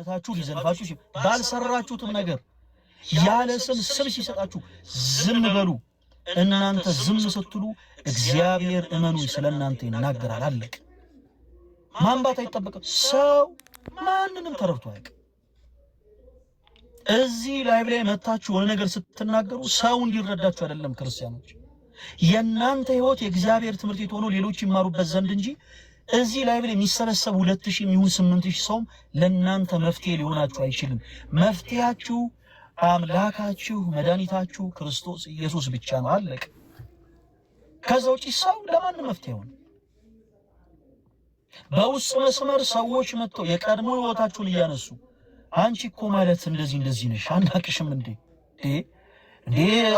ነታችሁ ሊዘልፋችሁ ባልሰራችሁትም ነገር ያለ ስም ስም ሲሰጣችሁ ዝም በሉ። እናንተ ዝም ስትሉ እግዚአብሔር እመኑ ስለ እናንተ ይናገራል። አለቅ ማንባት አይጠበቅም። ሰው ማንንም ተረድቶ አያውቅም። እዚህ ላይብ ላይ መታችሁ የሆነ ነገር ስትናገሩ ሰው እንዲረዳችሁ አይደለም ክርስቲያኖች። የእናንተ ሕይወት የእግዚአብሔር ትምህርት ቤት ሆኖ ሌሎች ይማሩበት ዘንድ እንጂ እዚህ ላይ ብለ የሚሰበሰብ 2000 ሺህ የሚሆን ስምንት ሰውም ለእናንተ መፍትሄ ሊሆናችሁ አይችልም። መፍትሄያችሁ አምላካችሁ መድኃኒታችሁ ክርስቶስ ኢየሱስ ብቻ ነው። አለቅ ከዛ ውጪ ሰው ለማን መፍትሄ ሆነ? በውስጥ መስመር ሰዎች መጥተው የቀድሞ ህይወታችሁን እያነሱ አንቺ እኮ ማለት እንደዚህ እንደዚህ ነሽ አናቅሽም እንዴ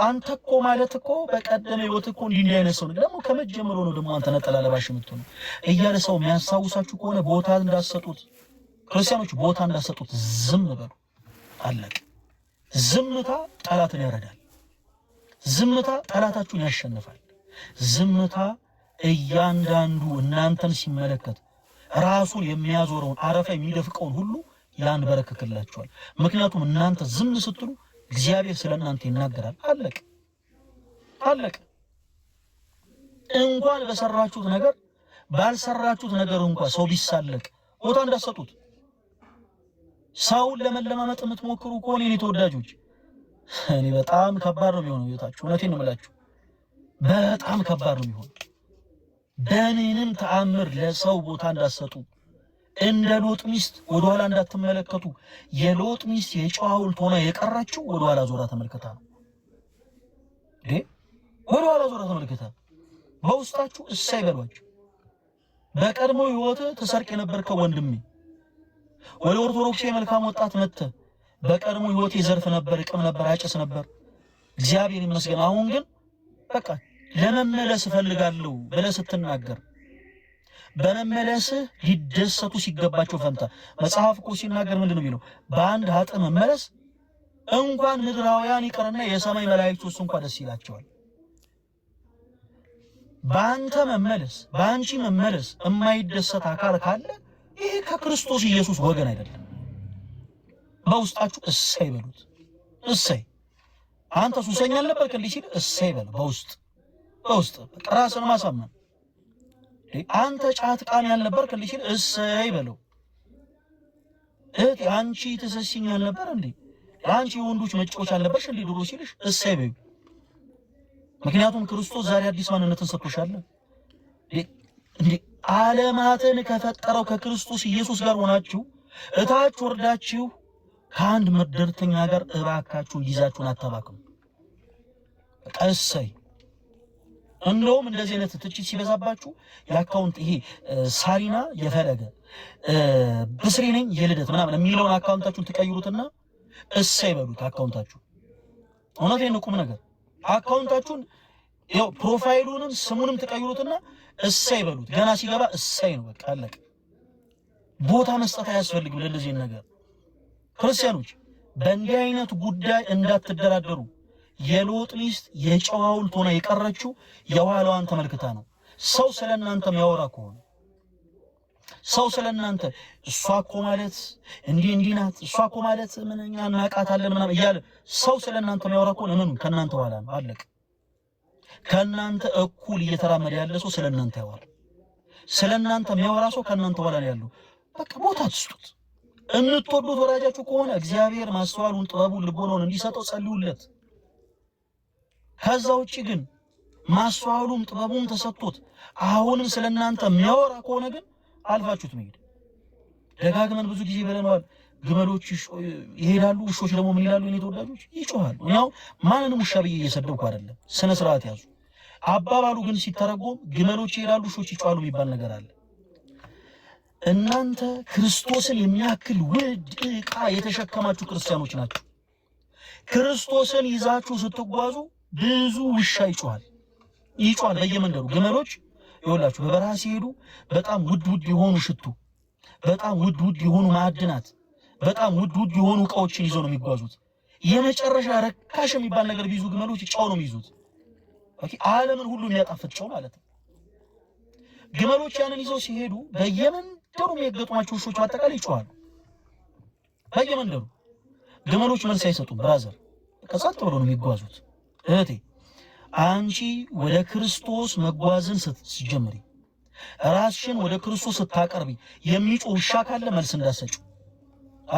አንተ እኮ ማለት እኮ በቀደመ ህይወት እኮ እንዲህ እንዲህ አይነት ሰው ነው። ደግሞ ከመጀመሩ ነው ደግሞ አንተ ነጠላ ለባሽ የምትሆኑ እያለ ሰው የሚያስታውሳችሁ ከሆነ ቦታ እንዳሰጡት ክርስቲያኖች ቦታ እንዳሰጡት ዝም በሉ። አለቅ። ዝምታ ጠላትን ያረዳል። ዝምታ ጠላታችሁን ያሸንፋል። ዝምታ እያንዳንዱ እናንተን ሲመለከት ራሱን የሚያዞረውን አረፋ የሚደፍቀውን ሁሉ ያንበረክክላችኋል። ምክንያቱም እናንተ ዝም ስትሉ እግዚአብሔር ስለ እናንተ ይናገራል። አለቅ አለቅ። እንኳን በሰራችሁት ነገር ባልሰራችሁት ነገር እንኳን ሰው ቢሳለቅ ቦታ እንዳሰጡት ሰውን ለመለማመጥ የምትሞክሩ ከሆነ የኔ ተወዳጆች፣ እኔ በጣም ከባድ ነው የሚሆነው ህይወታችሁ። እውነቴን እምላችሁ በጣም ከባድ ነው የሚሆነው። በምንም ተአምር ለሰው ቦታ እንዳሰጡ እንደ ሎጥ ሚስት ወደኋላ እንዳትመለከቱ። የሎጥ ሚስት የጨው ሐውልት ሆና የቀራችው ወደኋላ ዞራ ተመልከታ ነው። ወደኋላ ዞራ ተመልከታ። በውስጣችሁ እሳይ በሏቸው። በቀድሞ ህይወት ተሰርቅ የነበርከው ወንድሜ ወደ ኦርቶዶክስ የመልካም ወጣት መጥተ በቀድሞ ህይወት ይዘርፍ ነበር፣ ቅም ነበር፣ አጭስ ነበር። እግዚአብሔር ይመስገን አሁን ግን በቃ ለመመለስ እፈልጋለሁ ብለህ ስትናገር በመመለስህ ሊደሰቱ ሲገባቸው ፈንታ መጽሐፍ እኮ ሲናገር ምንድን ነው የሚለው? በአንድ ሀጥ መመለስ እንኳን ምድራውያን ይቅርና የሰማይ መላእክት ውስጥ እንኳን ደስ ይላቸዋል። በአንተ መመለስ፣ በአንቺ መመለስ የማይደሰት አካል ካለ ይሄ ከክርስቶስ ኢየሱስ ወገን አይደለም። በውስጣችሁ እሰይ በሉት። እሰይ አንተ ሱሰኛ አልነበርክ እንዲህ ሲል እሰይ በለው። በውስጥ በውስጥ ራስን ማሳመን አንተ ጫት ቃም ያልነበርክ እንዴ ሲል እሰይ በለው። እህቴ አንቺ ትሰሲኝ ያልነበር እንዴ አንቺ የወንዶች መጫወቻ አልነበርሽ እንዴ ድሮ ሲልሽ እሰይ በይ። ምክንያቱም ክርስቶስ ዛሬ አዲስ ማንነትን ሰጥቶሻል። እንዴ ዓለማትን ከፈጠረው ከክርስቶስ ኢየሱስ ጋር ሆናችሁ እታች ወርዳችሁ ከአንድ መደርተኛ ጋር እባካችሁ ይዛችሁን አታባክም። ቀሰይ እንደውም እንደዚህ አይነት ትችት ሲበዛባችሁ የአካውንት ይሄ ሳሪና የፈለገ ብስሬ ነኝ የልደት ምናምን የሚለውን አካውንታችሁን ትቀይሩትና እሰይ በሉት። አካውንታችሁ እውነት ይህን ቁም ነገር አካውንታችሁን ያው ፕሮፋይሉንም ስሙንም ትቀይሩትና እሰይ በሉት። ገና ሲገባ እሰይ ነው በቃ አለቀ። ቦታ መስጠት አያስፈልግም ለእንደዚህ ነገር። ክርስቲያኖች በእንዲህ አይነት ጉዳይ እንዳትደራደሩ። የሎጥ ሚስት የጨው ሐውልት ሆና የቀረችው የኋላዋን ተመልክታ ነው። ሰው ስለ እናንተ የሚያወራ ከሆነ ሰው ስለ እናንተ እሷ እኮ ማለት እንዲህ እንዲህ ናት፣ እሷ እኮ ማለት ምንኛ እናቃታለን ምናምን እያለ ሰው ስለ እናንተ የሚያወራ ከሆነ እመኑ ከእናንተ ኋላ ነው። አለቅ ከእናንተ እኩል እየተራመደ ያለ ሰው ስለ እናንተ ያወራ። ስለ እናንተ የሚያወራ ሰው ከእናንተ ኋላ ነው ያለው። በቃ ቦታ ትስጡት። እምትወዱት ወዳጃችሁ ከሆነ እግዚአብሔር ማስተዋሉን ጥበቡን ልቦናውን እንዲሰጠው ጸልዩለት። ከዛ ውጭ ግን ማስተዋሉም ጥበቡም ተሰጥቶት አሁንም ስለ እናንተ የሚያወራ ከሆነ ግን አልፋችሁት መሄድ። ደጋግመን ብዙ ጊዜ ብለነዋል። ግመሎች ይሄዳሉ፣ ውሾች ደግሞ ምን ይላሉ? እኔ ተወዳጆች ይጮሃል። ያው ማንንም ውሻ ብዬ እየሰደብኩ አይደለም፣ ስነ ስርዓት ያዙ። አባባሉ ግን ሲተረጎም ግመሎች ይሄዳሉ፣ ውሾች ይጮሃሉ የሚባል ነገር አለ። እናንተ ክርስቶስን የሚያክል ውድ ዕቃ የተሸከማችሁ ክርስቲያኖች ናችሁ። ክርስቶስን ይዛችሁ ስትጓዙ ብዙ ውሻ ይጮሃል ይጮሃል በየመንደሩ ግመሎች ይወላችሁ በበረሃ ሲሄዱ በጣም ውድ ውድ የሆኑ ሽቱ፣ በጣም ውድ ውድ የሆኑ ማዕድናት፣ በጣም ውድ ውድ የሆኑ እቃዎችን ይዘው ነው የሚጓዙት። የመጨረሻ ረካሽ የሚባል ነገር ቢይዙ ግመሎች ጨው ነው የሚይዙት። አለምን ሁሉ የሚያጣፍጥ ጨው ማለት ነው። ግመሎች ያንን ይዘው ሲሄዱ በየመንደሩ የሚያገጥሟቸው ውሾች በአጠቃላይ ይጮሃሉ። በየመንደሩ ግመሎች መልስ አይሰጡም። ብራዘር ቀጸጥ ብሎ ነው የሚጓዙት። እህቴ አንቺ ወደ ክርስቶስ መጓዝን ስትጀምሪ ራስሽን ወደ ክርስቶስ ስታቀርቢ የሚጮ ውሻ ካለ መልስ እንዳሰጭው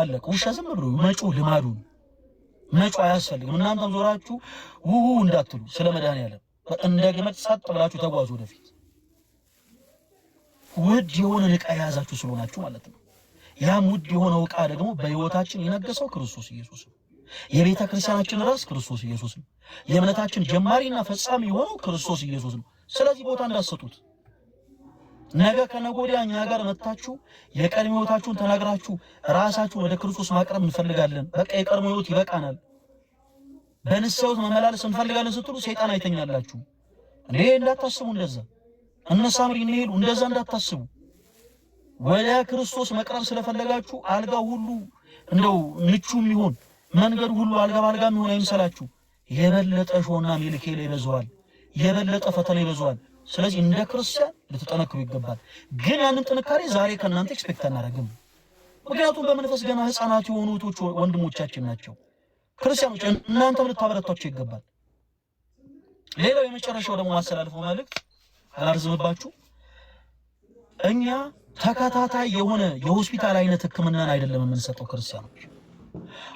አለ። ውሻ ዝም ብሎ መጮ ልማዱ መጮ አያስፈልግም። እናንተም ዞራችሁ ውሁ እንዳትሉ ስለ መድኃኒዓለም እንደ ገመድ ጸጥ ብላችሁ ተጓዙ ወደፊት። ውድ የሆነ ዕቃ የያዛችሁ ስለሆናችሁ ማለት ነው። ያም ውድ የሆነው ዕቃ ደግሞ በሕይወታችን የነገሰው ክርስቶስ ኢየሱስ ነው። የቤተ ክርስቲያናችን ራስ ክርስቶስ ኢየሱስ ነው። የእምነታችን ጀማሪና ፈጻሚ የሆነው ክርስቶስ ኢየሱስ ነው። ስለዚህ ቦታ እንዳሰጡት ነገ ከነገ ወዲያ እኛ ጋር መጥታችሁ የቀድሞ ህይወታችሁን ተናግራችሁ ራሳችሁን ወደ ክርስቶስ ማቅረብ እንፈልጋለን፣ በቃ የቀድሞ ህይወት ይበቃናል፣ በንስሐ መመላለስ እንፈልጋለን ስትሉ ሰይጣን አይተኛላችሁ። እንዴ እንዳታስቡ፣ እንደዛ እነ እንሄዱ፣ እንደዛ እንዳታስቡ። ወደ ክርስቶስ መቅረብ ስለፈለጋችሁ አልጋ ሁሉ እንደው ምቹ የሚሆን መንገድ ሁሉ አልጋ ባልጋ የሚሆን አይምሰላችሁ። የበለጠ ሾና ላይ ይበዛዋል፣ የበለጠ ፈተና ይበዛዋል። ስለዚህ እንደ ክርስቲያን ልትጠነክሩ ይገባል። ግን ያንን ጥንካሬ ዛሬ ከእናንተ ኤክስፔክት አናደርግም። ምክንያቱም በመንፈስ ገና ህፃናት የሆኑ እህቶች ወንድሞቻችን ናቸው። ክርስቲያኖች እናንተም ልታበረታቸው ይገባል። ሌላው የመጨረሻው ደግሞ ማስተላልፈው መልእክት አላርዝምባችሁ፣ እኛ ተከታታይ የሆነ የሆስፒታል አይነት ህክምናን አይደለም የምንሰጠው ክርስቲያኖች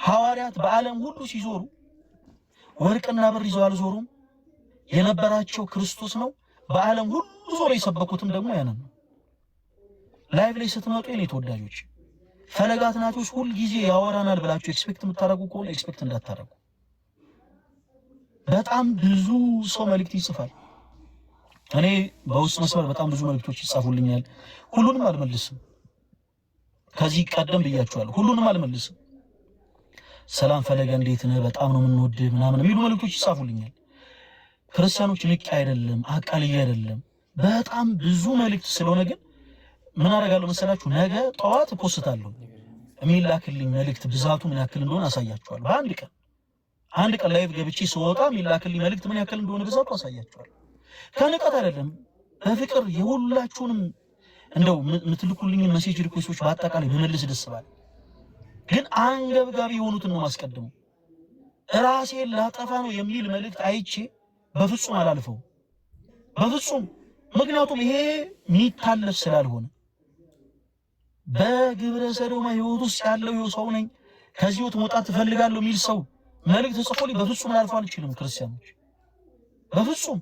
ሐዋርያት በዓለም ሁሉ ሲዞሩ ወርቅና ብር ይዘው አልዞሩም። የነበራቸው ክርስቶስ ነው። በዓለም ሁሉ ዞሮ የሰበኩትም ደግሞ ያንን ነው። ላይቭ ላይ ስትመጡ የኔ ተወዳጆች ፈለገ አትናትዮስ ሁል ጊዜ ያወራናል ብላችሁ ኤክስፔክት የምታደርጉ ከሆነ ኤክስፔክት እንዳታደርጉ። በጣም ብዙ ሰው መልእክት ይጽፋል። እኔ በውስጥ መስመር በጣም ብዙ መልእክቶች ይጻፉልኛል። ሁሉንም አልመልስም። ከዚህ ቀደም ብያችኋለሁ፣ ሁሉንም አልመልስም። ሰላም ፈለገ እንዴት ነህ? በጣም ነው የምንወድህ ምናምን የሚሉ መልእክቶች ይጻፉልኛል። ክርስቲያኖች ልቅ አይደለም አቃልዬ አይደለም በጣም ብዙ መልእክት ስለሆነ ግን ምን አደርጋለሁ መሰላችሁ? ነገ ጠዋት እፖስታለሁ። የሚላክልኝ መልእክት ብዛቱ ምን ያክል እንደሆነ አሳያችኋለሁ። በአንድ ቀን አንድ ቀን ላይቭ ገብቼ ስወጣ የሚላክልኝ መልእክት ምን ያክል እንደሆነ ብዛቱ አሳያችኋለሁ። ከንቀት አይደለም በፍቅር የሁላችሁንም እንደው የምትልኩልኝን መሴጅ ሪኩዌስቶች በአጠቃላይ በመልስ ደስ ግን አንገብጋቢ የሆኑትን ነው ማስቀድመው። ራሴን ላጠፋ ነው የሚል መልእክት አይቼ በፍጹም አላልፈው፣ በፍጹም ምክንያቱም ይሄ የሚታለፍ ስላልሆነ በግብረ ሰዶማ ህይወት ውስጥ ያለው ይኸው ሰው ነኝ፣ ከዚህ ህይወት መውጣት ትፈልጋለሁ የሚል ሰው መልእክት ጽፎልኝ በፍጹም ላልፈው አልችልም። ክርስቲያኖች በፍጹም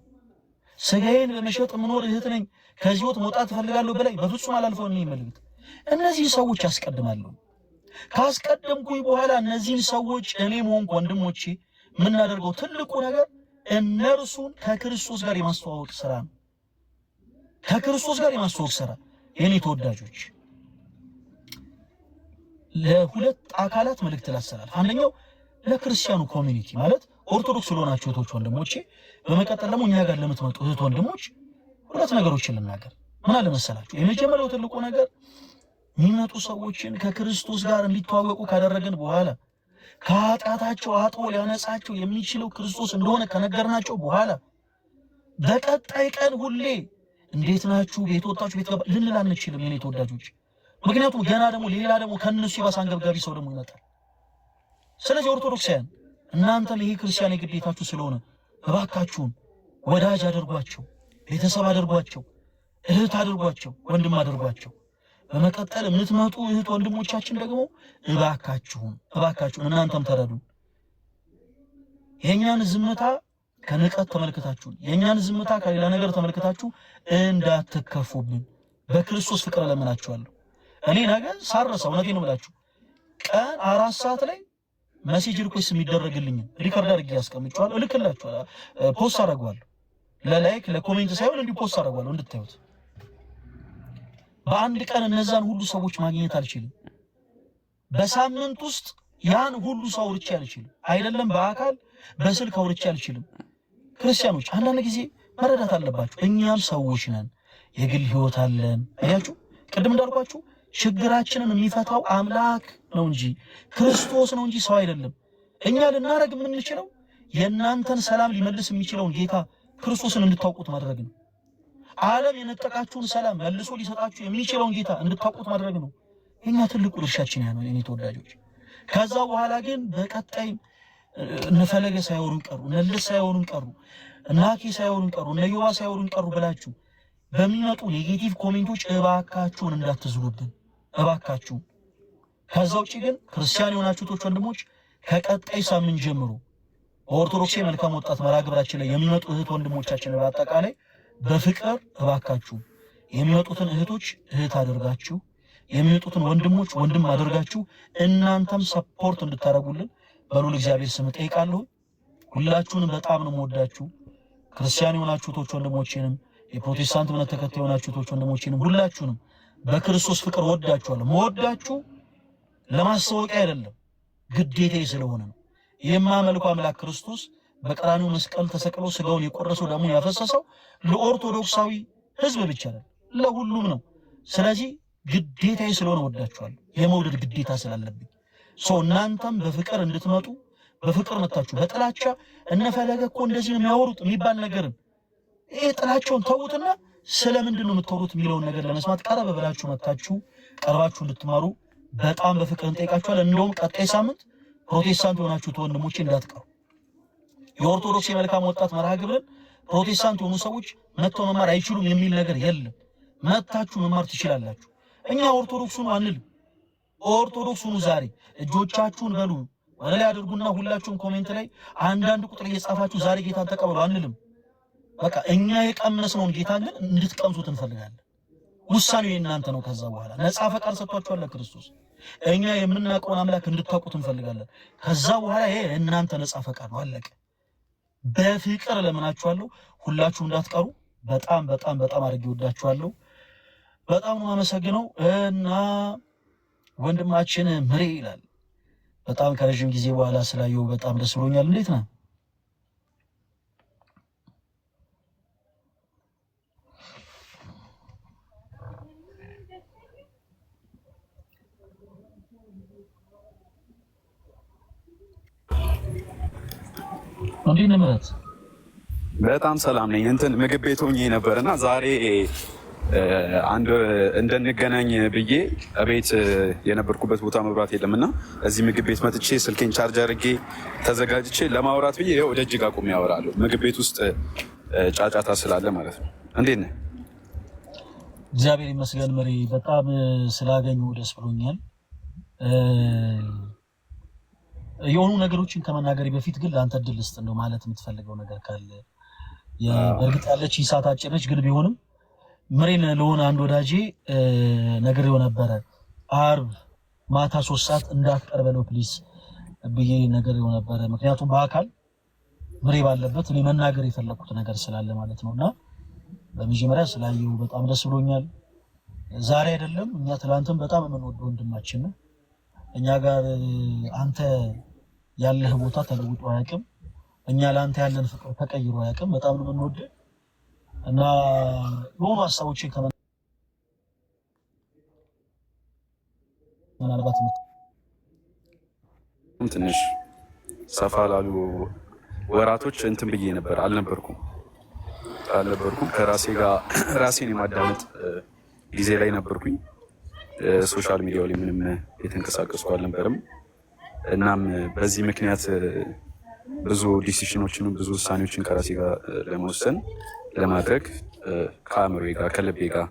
ስጋዬን በመሸጥ ምኖር እህት ነኝ፣ ከዚህ ህይወት መውጣት ትፈልጋለሁ በላይ በፍጹም አላልፈው እኔ መልእክት እነዚህ ሰዎች ያስቀድማለሁ። ካስቀደምኩኝ በኋላ እነዚህን ሰዎች እኔ መሆንኩ ወንድሞቼ የምናደርገው ትልቁ ነገር እነርሱን ከክርስቶስ ጋር የማስተዋወቅ ስራ ነው። ከክርስቶስ ጋር የማስተዋወቅ ስራ የእኔ ተወዳጆች ለሁለት አካላት መልእክት ላስተላልፍ። አንደኛው ለክርስቲያኑ ኮሚኒቲ ማለት ኦርቶዶክስ ስለሆናችሁ እህቶች ወንድሞቼ፣ በመቀጠል ደግሞ እኛ ጋር ለምትመጡ እህት ወንድሞች ሁለት ነገሮችን ልናገር። ምን አለ መሰላችሁ? የመጀመሪያው ትልቁ ነገር የሚመጡ ሰዎችን ከክርስቶስ ጋር እንዲተዋወቁ ካደረግን በኋላ ከኃጢአታቸው አጥቦ ሊያነጻቸው የሚችለው ክርስቶስ እንደሆነ ከነገርናቸው በኋላ በቀጣይ ቀን ሁሌ እንዴት ናችሁ ቤት ወጣችሁ ቤት ገባ ልንል አንችልም፣ የኔ ተወዳጆች። ምክንያቱም ገና ደግሞ ሌላ ደግሞ ከእነሱ የባሰ አንገብጋቢ ሰው ደግሞ ይመጣል። ስለዚህ ኦርቶዶክሳውያን እናንተም ይሄ ክርስቲያን የግዴታችሁ ስለሆነ እባካችሁን ወዳጅ አድርጓቸው፣ ቤተሰብ አድርጓቸው፣ እህት አድርጓቸው፣ ወንድም አድርጓቸው። በመቀጠል የምትመጡ እህት ወንድሞቻችን ደግሞ እባካችሁን እባካችሁን እናንተም ተረዱ። የእኛን ዝምታ ከንቀት ተመልክታችሁን፣ የእኛን ዝምታ ከሌላ ነገር ተመልክታችሁ እንዳትከፉብን በክርስቶስ ፍቅር እለምናችኋለሁ። እኔ ነገ ሳረሳ እውነቴን ብላችሁ ቀን አራት ሰዓት ላይ መሴጅ ሪኩዌስት የሚደረግልኝ ሪከርድ አድርጌ ያስቀምጫዋለሁ፣ እልክላችኋለሁ፣ ፖስት አደርገዋለሁ። ለላይክ ለኮሜንት ሳይሆን እንዲህ ፖስት አደርገዋለሁ እንድታዩት በአንድ ቀን እነዛን ሁሉ ሰዎች ማግኘት አልችልም። በሳምንት ውስጥ ያን ሁሉ ሰው አውርቼ አልችልም። አይደለም በአካል በስልክ አውርቼ አልችልም። ክርስቲያኖች አንዳንድ ጊዜ መረዳት አለባችሁ። እኛም ሰዎች ነን፣ የግል ህይወት አለን። አያችሁ፣ ቅድም እንዳልኳችሁ ችግራችንን የሚፈታው አምላክ ነው እንጂ ክርስቶስ ነው እንጂ ሰው አይደለም። እኛ ልናደርግ የምንችለው የእናንተን ሰላም ሊመልስ የሚችለውን ጌታ ክርስቶስን እንድታውቁት ማድረግ ነው። ዓለም የነጠቃችሁን ሰላም መልሶ ሊሰጣችሁ የሚችለውን ጌታ እንድታውቁት ማድረግ ነው። የኛ ትልቁ ድርሻችን ያ ነው የኔ ተወዳጆች። ከዛ በኋላ ግን በቀጣይ እነፈለገ ሳይሆኑን ቀሩ፣ እነልስ ሳይሆኑን ቀሩ፣ እነአኬ ሳይሆኑን ቀሩ፣ እነዮባ ሳይሆኑን ቀሩ ብላችሁ በሚመጡ ኔጌቲቭ ኮሜንቶች እባካችሁን እንዳትዝሩብን እባካችሁ። ከዛ ውጭ ግን ክርስቲያን የሆናችሁ ቶች ወንድሞች ከቀጣይ ሳምንት ጀምሮ በኦርቶዶክስ መልካም ወጣት መርሃ ግብራችን ላይ የሚመጡ እህት ወንድሞቻችን በአጠቃላይ በፍቅር እባካችሁ የሚወጡትን እህቶች እህት አድርጋችሁ የሚወጡትን ወንድሞች ወንድም አድርጋችሁ እናንተም ሰፖርት እንድታደርጉልን በሉል እግዚአብሔር ስም ጠይቃለሁ። ሁላችሁንም በጣም ነው የምወዳችሁ። ክርስቲያን የሆናችሁ ቶች ወንድሞቼንም የፕሮቴስታንት እምነት ተከታይ የሆናችሁ ቶች ወንድሞቼንም ሁላችሁንም በክርስቶስ ፍቅር ወዳችኋለሁ። መወዳችሁ ለማስታወቂያ አይደለም፣ ግዴታ ስለሆነ ነው። የማመልኩ አምላክ ክርስቶስ በቀራኒው መስቀል ተሰቅሎ ስጋውን የቆረሰው ደሙን ያፈሰሰው ለኦርቶዶክሳዊ ህዝብ ብቻ ነው፣ ለሁሉም ነው። ስለዚህ ግዴታዬ ስለሆነ ወዳችኋል፣ የመውደድ ግዴታ ስላለብኝ ሰው እናንተም በፍቅር እንድትመጡ በፍቅር መታችሁ። በጥላቻ እነፈለገ እኮ እንደዚህ ነው የሚያወሩት የሚባል ነገርን ይህ ጥላቸውን ተዉትና ስለምንድን ነው የምትወሩት የሚለውን ነገር ለመስማት ቀረበ ብላችሁ መታችሁ ቀርባችሁ እንድትማሩ በጣም በፍቅር እንጠይቃችኋል። እንደውም ቀጣይ ሳምንት ፕሮቴስታንት የሆናችሁት ወንድሞቼ እንዳትቀሩ የኦርቶዶክስ የመልካም ወጣት መርሃ ግብርን ፕሮቴስታንት የሆኑ ሰዎች መጥተው መማር አይችሉም የሚል ነገር የለም። መጥታችሁ መማር ትችላላችሁ። እኛ ኦርቶዶክስ አንል አንልም። ኦርቶዶክስ ዛሬ እጆቻችሁን በሉ ወደ ላይ አድርጉና ሁላችሁም ኮሜንት ላይ አንዳንድ ቁጥር እየጻፋችሁ ዛሬ ጌታን ተቀበሉ አንልም። በቃ እኛ የቀመስነውን ጌታን ግን እንድትቀምሱት እንፈልጋለን። ውሳኔው የእናንተ ነው። ከዛ በኋላ ነጻ ፈቃድ ሰጥቷችኋል ክርስቶስ። እኛ የምናውቀውን አምላክ እንድታውቁት እንፈልጋለን። ከዛ በኋላ ይሄ እናንተ ነጻ ፈቃድ ነው። አለቀ። በፍቅር ለምናችኋለሁ። ሁላችሁም እንዳትቀሩ። በጣም በጣም በጣም አድርጌ ወዳችኋለሁ። በጣም ነው አመሰግነው እና ወንድማችን ምሬ ይላል በጣም ከረዥም ጊዜ በኋላ ስላየው በጣም ደስ ብሎኛል። እንዴት ነህ? በጣም ሰላም ነኝ። እንትን ምግብ ቤት ሆኜ ነበር እና ዛሬ አንድ እንደንገናኝ ብዬ ቤት የነበርኩበት ቦታ መብራት የለም እና እዚህ ምግብ ቤት መጥቼ ስልኬን ቻርጅ አድርጌ ተዘጋጅቼ ለማውራት ብዬ ይኸው ወደ እጅግ አቁሜ ያወራለሁ። ምግብ ቤት ውስጥ ጫጫታ ስላለ ማለት ነው። እንዴት ነህ? እግዚአብሔር ይመስገን መሪ፣ በጣም ስላገኙ ደስ ብሎኛል። የሆኑ ነገሮችን ከመናገር በፊት ግን ለአንተ እድል ልስጥ፣ እንደው ማለት የምትፈልገው ነገር ካለ በእርግጥ ያለች ይሳት አጭር ግን ቢሆንም ምሬን ለሆነ አንድ ወዳጄ ነገር የሆነበረ አርብ ማታ ሶስት ሰዓት እንዳትቀርበለው ፕሊስ ብዬ ነገር የሆነበረ ምክንያቱም በአካል ምሬ ባለበት እኔ መናገር የፈለግኩት ነገር ስላለ ማለት ነው። እና በመጀመሪያ ስላየው በጣም ደስ ብሎኛል። ዛሬ አይደለም እኛ ትላንትም በጣም የምንወደው ወንድማችን ነው እኛ ጋር አንተ ያለህ ቦታ ተለውጦ አያውቅም። እኛ ለአንተ ያለን ፍቅር ተቀይሮ አያውቅም። በጣም ነው የምንወደው እና የሆኑ ሀሳቦችን ምናልባት ትንሽ ሰፋ ላሉ ወራቶች እንትን ብዬ ነበር አልነበርኩም አልነበርኩም ከራሴ ጋር ራሴን የማዳመጥ ጊዜ ላይ ነበርኩኝ። ሶሻል ሚዲያው ላይ ምንም የተንቀሳቀስኩ አልነበርም። እናም በዚህ ምክንያት ብዙ ዲሲሽኖችን ብዙ ውሳኔዎችን ከራሴ ጋር ለመወሰን ለማድረግ ከአእምሮ ጋር ከልቤ ጋር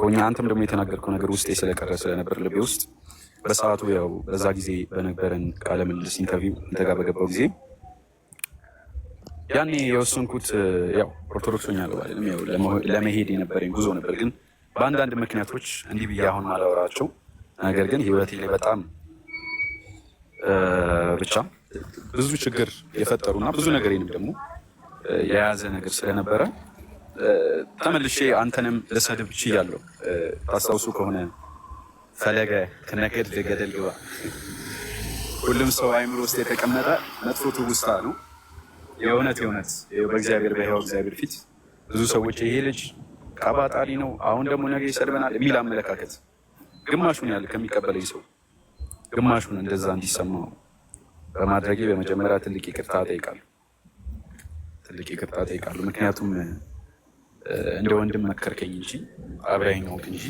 ሆኜ አንተም ደግሞ የተናገርከው ነገር ውስጤ ስለቀረ ስለነበር ልቤ ውስጥ በሰዓቱ ያው በዛ ጊዜ በነበረን ቃለ ምልልስ ኢንተርቪው አንተ ጋር በገባው ጊዜ ያኔ የወሰንኩት ያው ኦርቶዶክሶኛ አልባልም ለመሄድ የነበረኝ ጉዞ ነበር። ግን በአንዳንድ ምክንያቶች እንዲህ ብዬ አሁን አላወራቸው ነገር ግን ህይወቴ ላይ በጣም ብቻ ብዙ ችግር የፈጠሩና ብዙ ነገሬንም ደግሞ የያዘ ነገር ስለነበረ ተመልሼ አንተንም ልሰድብ ችያለሁ። ታስታውሱ ከሆነ ፈለገ ከነገድ ገደል ግባ ሁሉም ሰው አይምሮ ውስጥ የተቀመጠ መጥፎ ትውስታ ነው። የእውነት የእውነት በእግዚአብሔር በሕያው እግዚአብሔር ፊት ብዙ ሰዎች ይሄ ልጅ ቀባጣሪ ነው፣ አሁን ደግሞ ነገ ይሰድበናል የሚል አመለካከት ግማሹን ያህል ከሚቀበለኝ ሰው ግማሹን እንደዛ እንዲሰማው በማድረጌ በመጀመሪያ ትልቅ ይቅርታ ጠይቃሉ። ትልቅ ይቅርታ ጠይቃሉ። ምክንያቱም እንደ ወንድም መከርከኝ እንጂ አብራኝ ነው እንጂ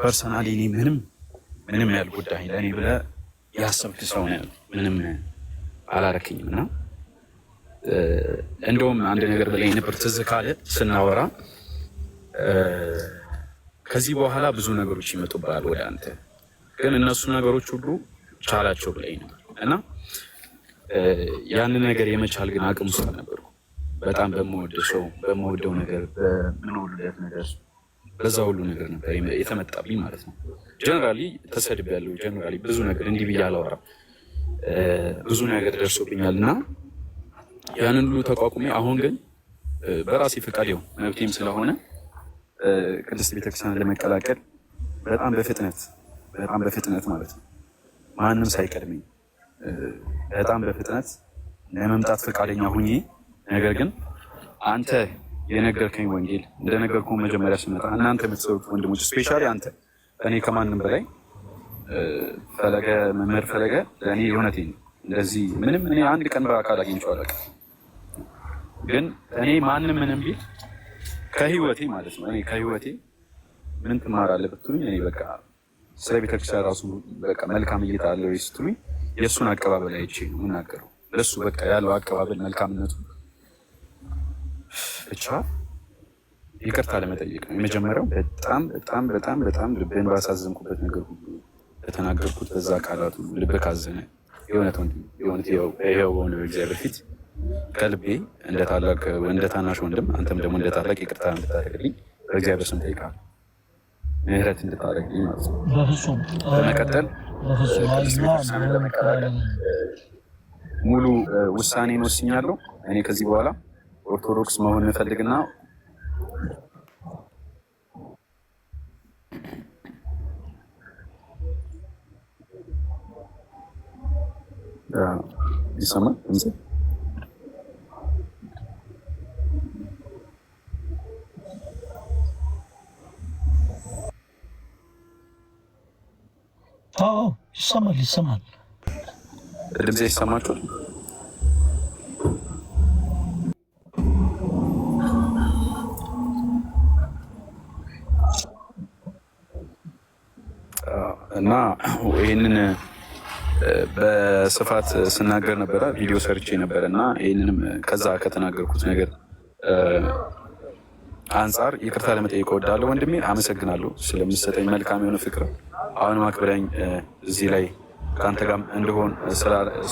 ፐርሰናል እኔ ምንም ምንም ያል ጉዳይ ለእኔ ብለ ያሰብክ ሰው ነው፣ ምንም አላረክኝም። እና እንደውም አንድ ነገር ብለህ ነበር ትዝ ካለ ስናወራ ከዚህ በኋላ ብዙ ነገሮች ይመጡብሃል ወደ አንተ ግን እነሱ ነገሮች ሁሉ ቻላቸው ብላኝ ነበር እና ያንን ነገር የመቻል ግን አቅም ውስጥ ነበሩ። በጣም በምወደው ሰው በምወደው ነገር በምንወደት ነገር በዛ ሁሉ ነገር ነበር የተመጣብኝ ማለት ነው። ጀነራሊ ተሰድብ ያለው ጀነራሊ ብዙ ነገር እንዲህ ብዬ አላወራም። ብዙ ነገር ደርሶብኛል እና ያንን ሁሉ ተቋቁሜ አሁን ግን በራሴ ፈቃድ ይሁን መብቴም ስለሆነ ቅድስት ቤተክርስቲያን ለመቀላቀል በጣም በፍጥነት በጣም በፍጥነት ማለት ነው። ማንም ሳይቀድመኝ በጣም በፍጥነት ለመምጣት ፈቃደኛ ሁኜ፣ ነገር ግን አንተ የነገርከኝ ወንጌል እንደነገርኩ መጀመሪያ ስመጣ እናንተ የምትሰሩት ወንድሞች፣ ስፔሻሊ አንተ እኔ ከማንም በላይ ፈለገ መምህር ፈለገ ለእኔ የእውነቴ ነው። እንደዚህ ምንም እኔ አንድ ቀን በአካል አግኝቼው ግን እኔ ማንም ምንም ቢል ከህይወቴ ማለት ነው እኔ ከህይወቴ ምን ትማራለህ ብትሉኝ እኔ በቃ ስለ ቤተክርስቲያን ራሱ በቃ መልካም እይታ አለው ስትሉኝ የእሱን አቀባበል አይቼ ነው የምናገረው። ለእሱ በቃ ያለው አቀባበል መልካምነቱ ብቻ ይቅርታ ለመጠየቅ ነው። የመጀመሪያው በጣም በጣም በጣም በጣም ልብን ባሳዘንኩበት ነገር ሁሉ በተናገርኩት በዛ ቃላት ሁሉ ልብ ካዘነ የእውነት ወንድም የእውነት በሆነ በእግዚአብሔር ፊት ከልቤ እንደ ታላቅ እንደ ታናሽ ወንድም አንተም ደግሞ እንደ ታላቅ ይቅርታ እንድታደርግልኝ በእግዚአብሔር ስም ጠይቃለሁ። ምህረት እንድታደርግልኝ ማለት ነው። በፍጹም በመቀጠል ሙሉ ውሳኔን ወስኛለሁ። እኔ ከዚህ በኋላ ኦርቶዶክስ መሆን እንፈልግና ይሰማል አዎ ይሰማል፣ ይሰማል። ድምፅ ይሰማችኋል? እና ይህንን በስፋት ስናገር ነበረ፣ ቪዲዮ ሰርቼ ነበረ እና ይህንንም ከዛ ከተናገርኩት ነገር አንጻር ይቅርታ ለመጠየቅ እወዳለሁ። ወንድሜ አመሰግናለሁ ስለምሰጠኝ መልካም የሆነ ፍቅር አሁንም አክብረኝ እዚህ ላይ ከአንተ ጋር እንደሆን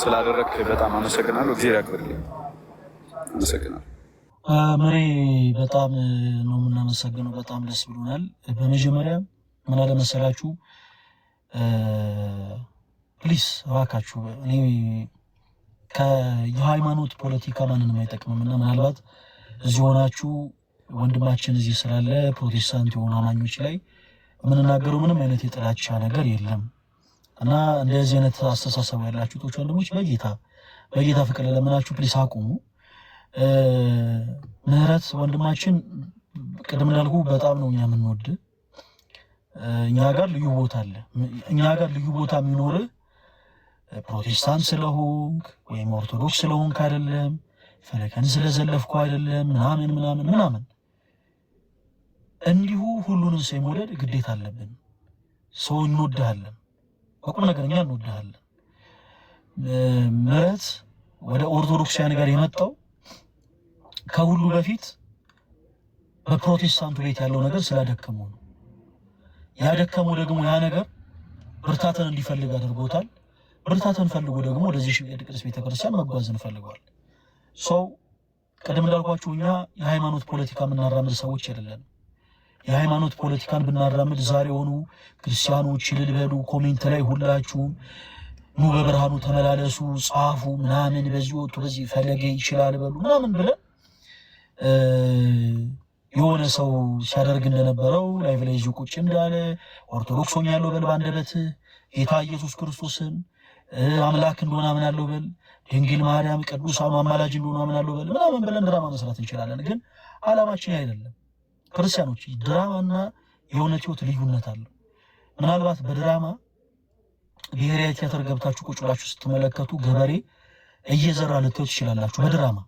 ስላደረግ በጣም አመሰግናለሁ። እግዜር ያክብርልኝ። አመሰግናለሁ። መሬ በጣም ነው የምናመሰግነው። በጣም ደስ ብሎናል። በመጀመሪያ ምን አለመሰላችሁ፣ ፕሊስ እባካችሁ የሃይማኖት ፖለቲካ ማንንም አይጠቅምም እና ምናልባት እዚህ ሆናችሁ ወንድማችን እዚህ ስላለ ፕሮቴስታንት የሆኑ አማኞች ላይ የምንናገረው ምንም አይነት የጥላቻ ነገር የለም እና እንደዚህ አይነት አስተሳሰብ ያላችሁ ጦች ወንድሞች በጌታ በጌታ ፍቅር ለምናችሁ ፕሊስ አቁሙ። ምህረት ወንድማችን ቅድም እንዳልኩ በጣም ነው እኛ የምንወድ። እኛ ጋር ልዩ ቦታ አለ። እኛ ጋር ልዩ ቦታ የሚኖር ፕሮቴስታንት ስለሆንክ ወይም ኦርቶዶክስ ስለሆንክ አይደለም፣ ፈለከን ስለዘለፍኩ አይደለም፣ ምናምን ምናምን ምናምን እንዲሁ ሁሉንም ሰው የመውደድ ግዴታ አለብን። ሰው እንወድሃለን፣ በቁም ነገር እኛ እንወድሃለን። ወደ ኦርቶዶክሳውያን ጋር የመጣው ከሁሉ በፊት በፕሮቴስታንቱ ቤት ያለው ነገር ስላደከመው ነው። ያደከመው ደግሞ ያ ነገር ብርታትን እንዲፈልግ አድርጎታል። ብርታትን ፈልጎ ደግሞ ወደዚህ ቅድስት ቤተክርስቲያን መጓዝን ፈልገዋል። ሰው ቅድም እንዳልኳችሁ እኛ የሃይማኖት ፖለቲካ የምናራምድ ሰዎች አይደለንም። የሃይማኖት ፖለቲካን ብናራምድ ዛሬ የሆኑ ክርስቲያኖች ይልልበሉ ኮሜንት ላይ ሁላችሁም ኑ በብርሃኑ ተመላለሱ ጻፉ ምናምን በዚህ ወጡ በዚህ ፈለገ ይችላል በሉ ምናምን ብለን የሆነ ሰው ሲያደርግ እንደነበረው ላይቭ ላይ እዚሁ ቁጭ እንዳለ ኦርቶዶክስ ሆኛለሁ በል በአንደበት ጌታ ኢየሱስ ክርስቶስን አምላክ እንደሆነ አምናለሁ በል ድንግል ማርያም ቅዱሳኑ አማላጅ እንደሆኑ አምናለሁ በል ምናምን ብለን ድራማ መስራት እንችላለን። ግን አላማችን አይደለም። ክርስቲያኖች ድራማና የእውነት ህይወት ልዩነት አለው። ምናልባት በድራማ ብሔራዊ ቲያትር ገብታችሁ ቁጭ ብላችሁ ስትመለከቱ ገበሬ እየዘራ ልታዩ ትችላላችሁ። በድራማ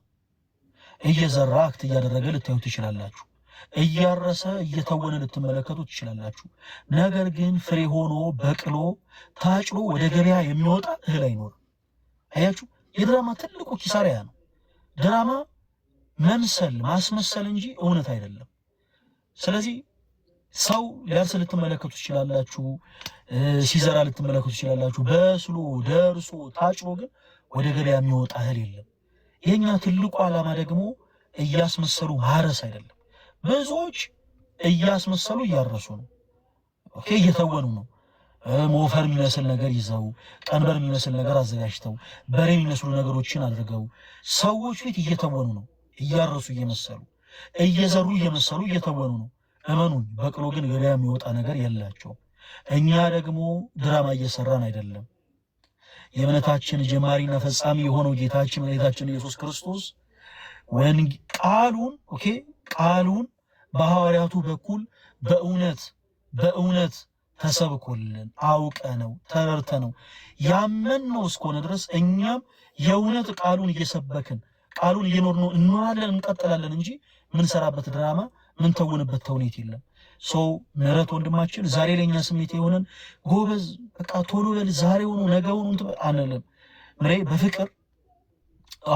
እየዘራ አክት እያደረገ ልታዩ ትችላላችሁ። እያረሰ እየተወነ ልትመለከቱ ትችላላችሁ። ነገር ግን ፍሬ ሆኖ በቅሎ ታጭሎ ወደ ገበያ የሚወጣ እህል አይኖርም። አያችሁ፣ የድራማ ትልቁ ኪሳሪያ ነው። ድራማ መምሰል ማስመሰል እንጂ እውነት አይደለም። ስለዚህ ሰው ሲያርስ ልትመለከቱ ትችላላችሁ፣ ሲዘራ ልትመለከቱ ትችላላችሁ። በስሎ ደርሶ ታጭሮ ግን ወደ ገበያ የሚወጣ እህል የለም። የኛ ትልቁ ዓላማ ደግሞ እያስመሰሉ ማረስ አይደለም። ብዙዎች እያስመሰሉ እያረሱ ነው፣ እየተወኑ ነው። ሞፈር የሚመስል ነገር ይዘው ቀንበር የሚመስል ነገር አዘጋጅተው በሬ የሚመስሉ ነገሮችን አድርገው ሰዎች ፊት እየተወኑ ነው፣ እያረሱ እየመሰሉ እየዘሩ እየመሰሉ እየተወኑ ነው። እመኑን፣ በቅሎ ግን ገበያ የሚወጣ ነገር የላቸው። እኛ ደግሞ ድራማ እየሰራን አይደለም። የእምነታችን ጀማሪና ፈጻሚ የሆነው ጌታችን መድኃኒታችን ኢየሱስ ክርስቶስ ቃሉን ኦኬ ቃሉን በሐዋርያቱ በኩል በእውነት በእውነት ተሰብኮልን አውቀ ነው ተረርተ ነው ያመን ነው እስከሆነ ድረስ እኛም የእውነት ቃሉን እየሰበክን ቃሉን እየኖር ነው እንኖራለን፣ እንቀጥላለን እንጂ ምንሰራበት ድራማ ምንተውንበት ተውኔት የለም። ሰው ምህረት ወንድማችን ዛሬ ለእኛ ስሜት የሆነን ጎበዝ፣ በቃ ቶሎ በል ዛሬ ሆኑ ነገ ሆኑ አንልም። ምሬ በፍቅር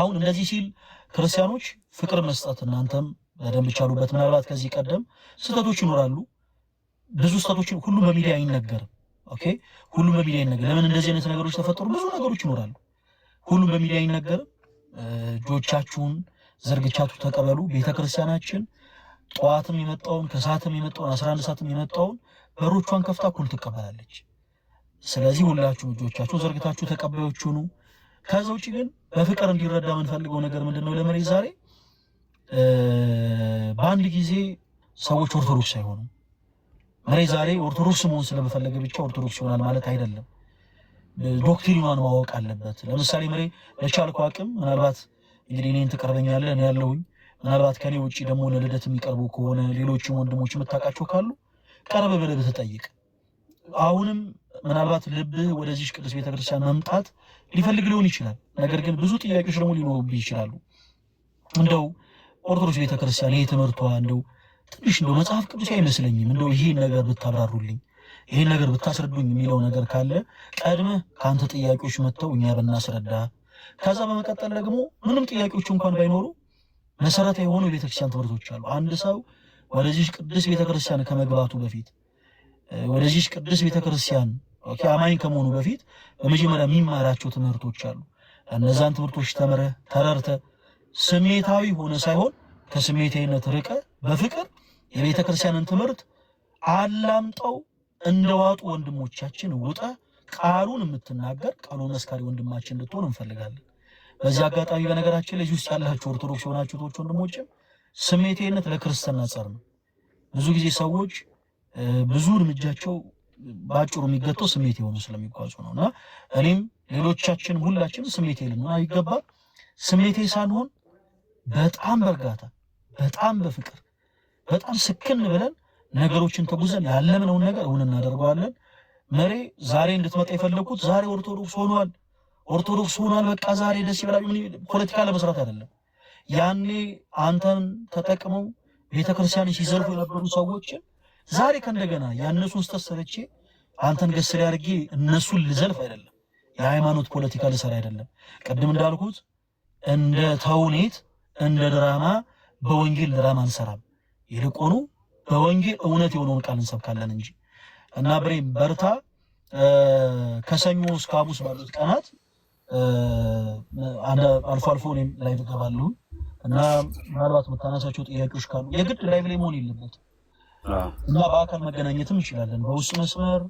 አሁን እንደዚህ ሲል ክርስቲያኖች ፍቅር መስጠት እናንተም በደንብ ቻሉበት። ምናልባት ከዚህ ቀደም ስህተቶች ይኖራሉ፣ ብዙ ስህተቶች ሁሉም በሚዲያ አይነገርም። ኦኬ፣ ሁሉም በሚዲያ አይነገርም። ለምን እንደዚህ አይነት ነገሮች ተፈጠሩ? ብዙ ነገሮች ይኖራሉ፣ ሁሉም በሚዲያ አይነገርም። እጆቻችሁን ዘርግቻችሁ ተቀበሉ። ቤተክርስቲያናችን ጠዋትም የመጣውን ከሰዓትም የመጣውን አስራ አንድ ሰዓትም የመጣውን በሮቿን ከፍታ እኩል ትቀበላለች። ስለዚህ ሁላችሁም እጆቻችሁን ዘርግታችሁ ተቀባዮች ሁኑ። ከዛ ውጭ ግን በፍቅር እንዲረዳ የምንፈልገው ነገር ምንድን ነው? ለመሬት ዛሬ በአንድ ጊዜ ሰዎች ኦርቶዶክስ አይሆኑም። መሬት ዛሬ ኦርቶዶክስ መሆን ስለመፈለገ ብቻ ኦርቶዶክስ ይሆናል ማለት አይደለም። ዶክትሪኗን ማወቅ አለበት። ለምሳሌ መሬ ለቻልኩ አቅም ምናልባት እንግዲህ እኔን ትቀርበኛለህ እኔ ያለሁኝ ምናልባት ከኔ ውጭ ደግሞ ለልደት የሚቀርቡ ከሆነ ሌሎችም ወንድሞች የምታውቃቸው ካሉ ቀረበ ብለህ ብትጠይቅ፣ አሁንም ምናልባት ልብህ ወደዚህ ቅዱስ ቤተክርስቲያን መምጣት ሊፈልግ ሊሆን ይችላል። ነገር ግን ብዙ ጥያቄዎች ደግሞ ሊኖሩብህ ይችላሉ። እንደው ኦርቶዶክስ ቤተክርስቲያን ይህ ትምህርቷ እንደው ትንሽ እንደው መጽሐፍ ቅዱስ አይመስለኝም፣ እንደው ይሄን ነገር ብታብራሩልኝ ይህን ነገር ብታስረዱኝ የሚለው ነገር ካለ ቀድመህ ከአንተ ጥያቄዎች መጥተው እኛ ብናስረዳ፣ ከዛ በመቀጠል ደግሞ ምንም ጥያቄዎች እንኳን ባይኖሩ መሰረታዊ የሆኑ የቤተክርስቲያን ትምህርቶች አሉ። አንድ ሰው ወደዚህ ቅዱስ ቤተክርስቲያን ከመግባቱ በፊት ወደዚህ ቅዱስ ቤተክርስቲያን አማኝ ከመሆኑ በፊት በመጀመሪያ የሚማራቸው ትምህርቶች አሉ። እነዛን ትምህርቶች ተምረህ ተረርተህ ስሜታዊ ሆነ ሳይሆን ከስሜታዊነት ርቀህ በፍቅር የቤተክርስቲያንን ትምህርት አላምጠው እንደዋጡ ወንድሞቻችን ውጠ ቃሉን የምትናገር ቃሉን መስካሪ ወንድማችን እንድትሆን እንፈልጋለን። በዚህ አጋጣሚ በነገራችን ላይ ውስጥ ያላችሁ ኦርቶዶክስ የሆናችሁ ቶች ወንድሞችም ስሜቴነት ለክርስትና ጸር ነው። ብዙ ጊዜ ሰዎች ብዙ እርምጃቸው በአጭሩ የሚገጠው ስሜት የሆኑ ስለሚጓዙ ነው እና እኔም ሌሎቻችን ሁላችን ስሜቴ ልንሆን ይገባል። ስሜቴ ሳንሆን በጣም በእርጋታ በጣም በፍቅር በጣም ስክን ብለን ነገሮችን ተጉዘን ያለምነውን ነገር እውን እናደርገዋለን። መሬ ዛሬ እንድትመጣ የፈለግኩት ዛሬ ኦርቶዶክስ ሆኗል፣ ኦርቶዶክስ ሆኗል፣ በቃ ዛሬ ደስ ይበላል። ፖለቲካ ለመስራት አይደለም። ያኔ አንተን ተጠቅመው ቤተክርስቲያን ሲዘርፉ የነበሩ ሰዎችን ዛሬ ከእንደገና ያነሱን ስተሰረቼ አንተን ገስር አድርጌ እነሱን ልዘልፍ አይደለም። የሃይማኖት ፖለቲካ ልሰራ አይደለም። ቅድም እንዳልኩት እንደ ተውኔት እንደ ድራማ በወንጌል ድራማ አንሰራም። ይልቁኑ በወንጌል እውነት የሆነውን ቃል እንሰብካለን እንጂ እና ብሬ በርታ። ከሰኞ እስከ ሐሙስ ባሉት ቀናት አልፎ አልፎ እኔም ላይ እገባለሁ እና ምናልባት የምታነሳቸው ጥያቄዎች ካሉ የግድ ላይቭ ላይ መሆን የለበት እና በአካል መገናኘትም እንችላለን። በውስጥ መስመር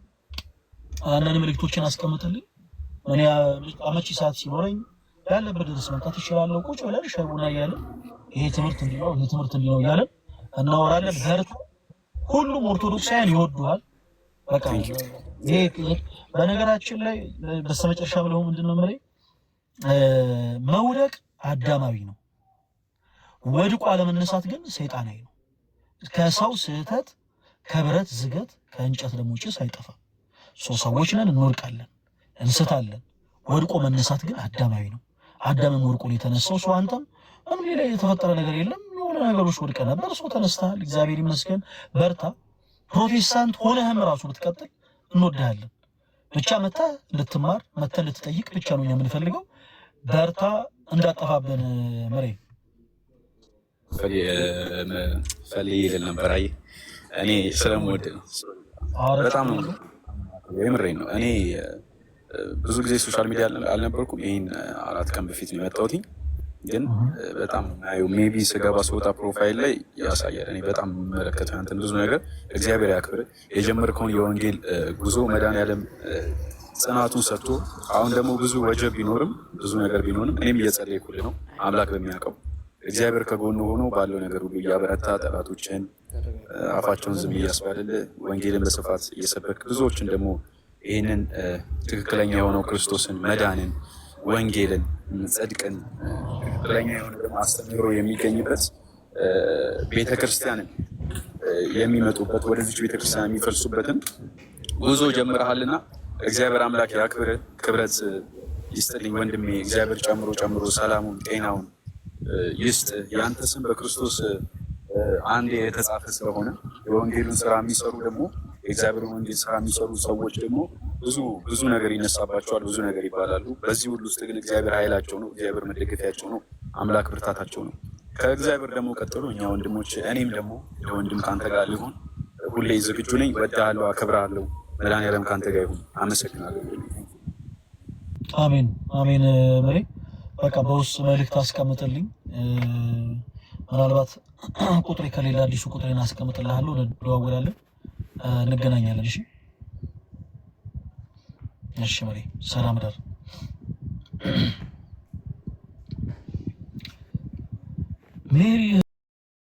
አንዳንድ ምልክቶችን አስቀምጥልኝ። እኔ አመቺ ሰዓት ሲኖረኝ ያለበት ድረስ መምጣት ይችላለሁ። ቁጭ ብለን ሻይ እያለን ይሄ ትምህርት እንዲህ ይሄ ትምህርት እንዲህ ነው እያለን እናወራለን። በርቱ ሁሉም ኦርቶዶክሳውያን ይወደዋል። በቃ ይሄ በነገራችን ላይ በስተመጨረሻ ብለው ምንድን ነው መሬ መውደቅ አዳማዊ ነው፣ ወድቆ አለመነሳት ግን ሰይጣናዊ ነው። ከሰው ስህተት፣ ከብረት ዝገት፣ ከእንጨት ደግሞ ጭስ አይጠፋም። ሰው ሰዎች ነን፣ እንወድቃለን፣ እንስታለን። ወድቆ መነሳት ግን አዳማዊ ነው። አዳምም ወድቆ የተነሳው ሰው አንተም ምንም ሌላ የተፈጠረ ነገር የለም ነገሮች ወድቀ ነበር። እሱ ተነስተሃል፣ እግዚአብሔር ይመስገን፣ በርታ። ፕሮቴስታንት ሆነህም ራሱ ብትቀጥል እንወድሃለን። ብቻ መታ ልትማር መተ ልትጠይቅ ብቻ ነው የምንፈልገው። በርታ፣ እንዳጠፋብን ምሬ ፈልዬ ይል ነበር። እኔ ስለምወድ ነው በጣም የምሬ ነው። እኔ ብዙ ጊዜ ሶሻል ሚዲያ አልነበርኩም። ይህን አራት ቀን በፊት ነው ግን በጣም ዩ ሜቢ ስገባ ስወጣ ፕሮፋይል ላይ ያሳያል። እኔ በጣም መለከተ ንትን ብዙ ነገር እግዚአብሔር ያክብር። የጀመርከውን የወንጌል ጉዞ መድኃኒዓለም ጽናቱን ሰጥቶ አሁን ደግሞ ብዙ ወጀብ ቢኖርም ብዙ ነገር ቢኖርም እኔም እየጸለይኩልህ ነው። አምላክ በሚያውቀው እግዚአብሔር ከጎኑ ሆኖ ባለው ነገር ሁሉ እያበረታ ጠላቶችን አፋቸውን ዝም እያስባልል ወንጌልን በስፋት እየሰበክ ብዙዎችን ደግሞ ይህንን ትክክለኛ የሆነው ክርስቶስን መዳንን ወንጌልን፣ ጽድቅን፣ ትክክለኛ የሆነ አስተምህሮ የሚገኝበት ቤተክርስቲያንን የሚመጡበት ወደዚች ቤተክርስቲያን የሚፈልሱበትን ጉዞ ጀምረሃልና እግዚአብሔር አምላክ ያክብር፣ ክብረት ይስጥልኝ ወንድሜ። እግዚአብሔር ጨምሮ ጨምሮ ሰላሙን ጤናውን ይስጥ። የአንተ ስም በክርስቶስ አንድ የተጻፈ ስለሆነ የወንጌሉን ስራ የሚሰሩ ደግሞ የእግዚአብሔር ወንጌል ስራ የሚሰሩ ሰዎች ደግሞ ብዙ ብዙ ነገር ይነሳባቸዋል፣ ብዙ ነገር ይባላሉ። በዚህ ሁሉ ውስጥ ግን እግዚአብሔር ኃይላቸው ነው፣ እግዚአብሔር መደገፊያቸው ነው፣ አምላክ ብርታታቸው ነው። ከእግዚአብሔር ደግሞ ቀጥሎ እኛ ወንድሞች፣ እኔም ደግሞ ለወንድም ከአንተ ጋር ሊሆን ሁሌ ዝግጁ ነኝ። እወድሃለሁ፣ አከብርሃለሁ። መድኃኒዓለም ከአንተ ጋር ይሁን። አመሰግናለሁ። አሜን አሜን። መሬ በቃ በውስጥ መልእክት አስቀምጥልኝ። ምናልባት ቁጥሬ ከሌለ አዲሱ ቁጥሬን አስቀምጥልሃለሁ። እንደዋወላለን፣ እንገናኛለን። እሺ እሺ መሪ ሰላም ዳር ሜሪ